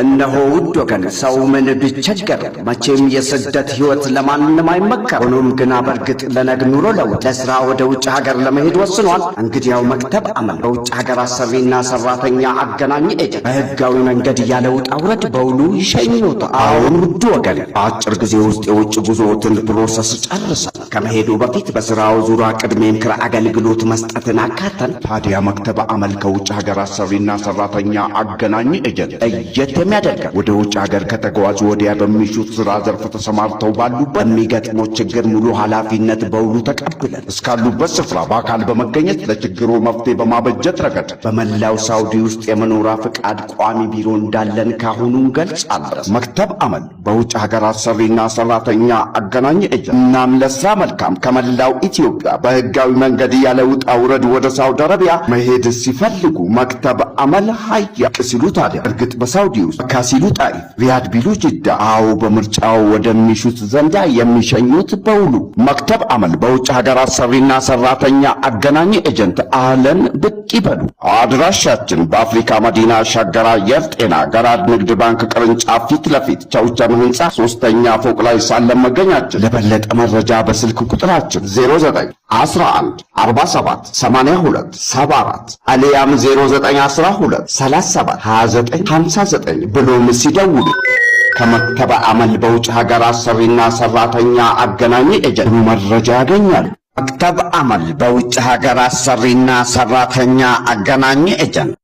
እነሆ ውድ ወገን ሰውምን ቢቸገር መቼም የስደት ሕይወት ለማንም አይመከር። ሆኖም ግና በርግጥ ለነግ ኑሮ ለውጥ ለሥራ ወደ ውጭ ሀገር ለመሄድ ወስኗል። እንግዲያው መክተብ አመል በውጭ ሀገር አሰሪና ሠራተኛ አገናኝ ኤጀንት በሕጋዊ መንገድ ያለ ውጣ ውረድ በውሉ ይሸኙት። አሁን ውድ ወገን በአጭር ጊዜ ውስጥ የውጭ ጉዞትን ፕሮሰስ ጨርሰ ከመሄዱ በፊት በስራው ዙሪያ ቅድሜ ምክር አገልግሎት መስጠትን አካተን። ታዲያ መክተበ አመል ከውጭ ሀገር አሰሪና ሰራተኛ አገናኝ እጀት እየተም የሚያደርገ ወደ ውጭ ሀገር ከተጓዙ ወዲያ በሚሹት ስራ ዘርፍ ተሰማርተው ባሉበት የሚገጥሞ ችግር ሙሉ ኃላፊነት በውሉ ተቀብለን እስካሉበት ስፍራ በአካል በመገኘት ለችግሩ መፍትሄ በማበጀት ረገድ በመላው ሳውዲ ውስጥ የመኖሪያ ፍቃድ ቋሚ ቢሮ እንዳለን ካሁኑ እንገልጻለን። መክተብ አመል በውጭ ሀገር አሰሪና ሰራተኛ አገናኝ እጀት እናም ለስራ መልካም ከመላው ኢትዮጵያ በህጋዊ መንገድ ያለ ውጣ ውረድ ወደ ሳውዲ አረቢያ መሄድ ሲፈልጉ መክተብ አመል ሀያ ሲሉ ታዲያ እርግጥ በሳውዲ ውስጥ ካሲሉ ጣይፍ፣ ሪያድ ቢሉ ጅዳ። አዎ በምርጫው ወደሚሹት ዘንዳ የሚሸኙት በውሉ መክተብ አመል በውጭ ሀገር ሰሪና ሰራተኛ አገናኝ ኤጀንት አህለን ብቅ ይበሉ። አድራሻችን በአፍሪካ መዲና ሸገር አየር ጤና ገራድ ንግድ ባንክ ቅርንጫፍ ፊት ለፊት ቸውቸም ህንፃ ሶስተኛ ፎቅ ላይ ሳለን መገኛችን። ለበለጠ መረጃ በስ ስልክ ቁጥራችን 09 11 47 82 74 አሊያም 0912 37 29 59 ብሎም ሲደውሉ ከመክተበ አመል በውጭ ሀገር አሰሪና ሰራተኛ አገናኝ ኤጀንት መረጃ ያገኛሉ። መክተብ አመል በውጭ ሀገር አሰሪና ሰራተኛ አገናኝ ኤጀንት